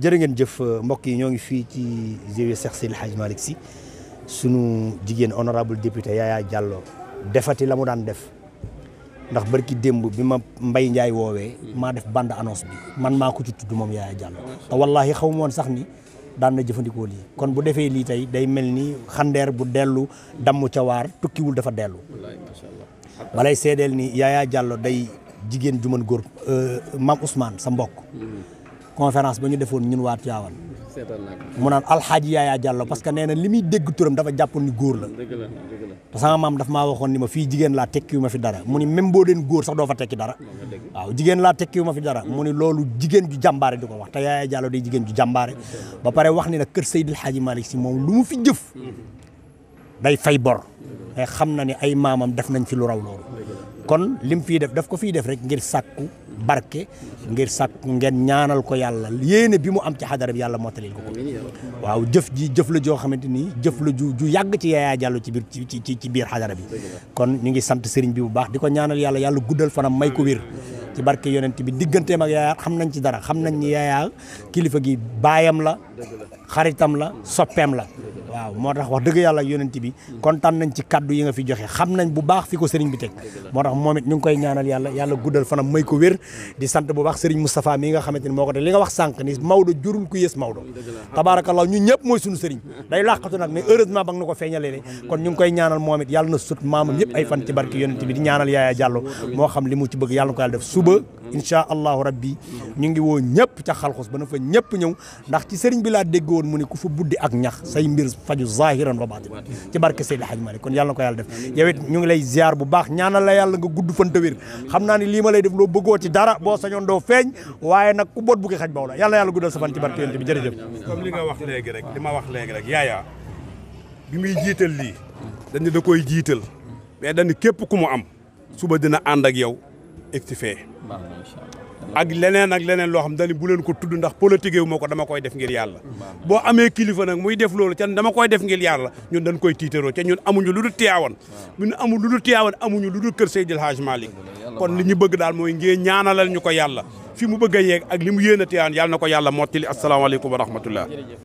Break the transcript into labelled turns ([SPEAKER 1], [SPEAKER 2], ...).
[SPEAKER 1] jërë jëf euh, mbokk yi ñoo ngi fii ci GIE Cheikh Seydil Hadji Malick Sy sunu jigéen honorable député Yaya Diallo defati la mu daan def ndax barki démb bi ma Mbaye Ndiaye woowee maa def band annonce bi man maa ko ci tudd moom Yaya Diallo te wallaahi xaw sax ni daan na jëfandikoo lii kon bu defee lii tey day mel ni xandeer bu dellu dammu cawaar tukkiwul dafa dellu balay seedeel ni yaaya Diallo day jigéen ju mën góor euh, maam Ousmane sa mbokk hmm. conférence ba ñu defoon ñun waa Tivaouane mu naan alxaaji Yaaya Diallo parce que nee na li muy dégg turam dafa jàppoon ni góor la te sama maam dafa maa waxoon ni ma fii jigéen laa tekkiwu ma fi dara mu ni même boo deen góor sax doo fa tekki dara waaw jigéen ma fi dara mu ni loolu jigéen ju jàmbaare di ko wax te Yaaya Diallo day jigéen ju jàmbaare ba pare wax ni nag kër Seydil Xaaji Malick si moom lu mu fi jëf day fay bor mais xam na ni ay maamam def nañ fi lu raw loolu kon lim fii def daf ko fii def rek ngir barke ngir sàkk ngeen ñaanal ko yàlla yéene bi mu am ci xadara bi yàlla mottalil ko ko waaw jëf ji jëf la joo xamante ni jëf la ju ju yàgg ci Yaya Diallo ci biir ci ci ci biir xadara bi kon ñu ngi sant sëriñ bi bu baax di ko ñaanal yàlla yàlla guddal fanam may ko wér ci barke yonent bi digganteem ak Yaya xam nañ ci dara xam nañ ni Yaya kilifa gi baayam la xaritam la soppeem la waaw moo tax wax dëgg yàlla ak yonent bi kontaan nañ ci kaddu yi nga fi joxe xam nañ bu baax fi ko sëriñ bi teg moo tax moom it ñu ngi koy ñaanal yàlla yàlla guddal fanam may ko wér di sant bu baax sëriñ Moustapha yi nga xamante ni moo ko def li nga wax sànq ni Maodo jurul ku yées Maodo tabaarakallaa ñu ñëpp mooy suñu sëriñ day làqatu nag mais heureusement ba ko feeñalee kon ñu ngi koy ñaanal moom it yàlla na sut maamam yëpp ay fan ci barke yonent bi di ñaanal moo xam li mu ci bëgg yàlla na ko yàlla def suba incha allahu rabbi ñu ngi woo ñëpp ca xalxus ba na fa ñëpp ñëw ndax ci sëriñ bi laa dégg woon mu ne ku fa buddi ak ñax say mbir faju zahiran wa baatinan ci barke Seydi Hadj Malick kon yàlla na ko yàlla def yow it ñu ngi lay ziar bu baax ñaanal la yàlla nga gudd fan xam naa ni lii ma lay def loo bëggoo ci dara boo sañoon doo feeñ waaye nag ku boot bu ko xaj baw la yàlla yàlla guddal sa fan ci barke yonent bi jërëjëf
[SPEAKER 2] comme li bi muy jiital lii dañu da koy jiital mais dañu képp ku mu am suba dina ànd ak yow egg fee ak leneen ak leneen loo xam dani bu leen ko tudd ndax politique wu ma ko dama koy def ngir yàlla boo amee kilifa nag muy def loolu ca dama koy def ngir yàlla ñun dañ koy tiitaroo ca ñun amuñu lu dul tiyaawan ñun amul lu dul tiyaawan amuñu lu dul kër Seydil Hadj Malick kon li ñu bëgg daal mooy ngeen ñaanalal ñu ko yàlla fi mu bëgg a yeeg ak li mu yéen a tiyaawan yàlla na ko yàlla mottali asalaamaaleykum wa rahmatullah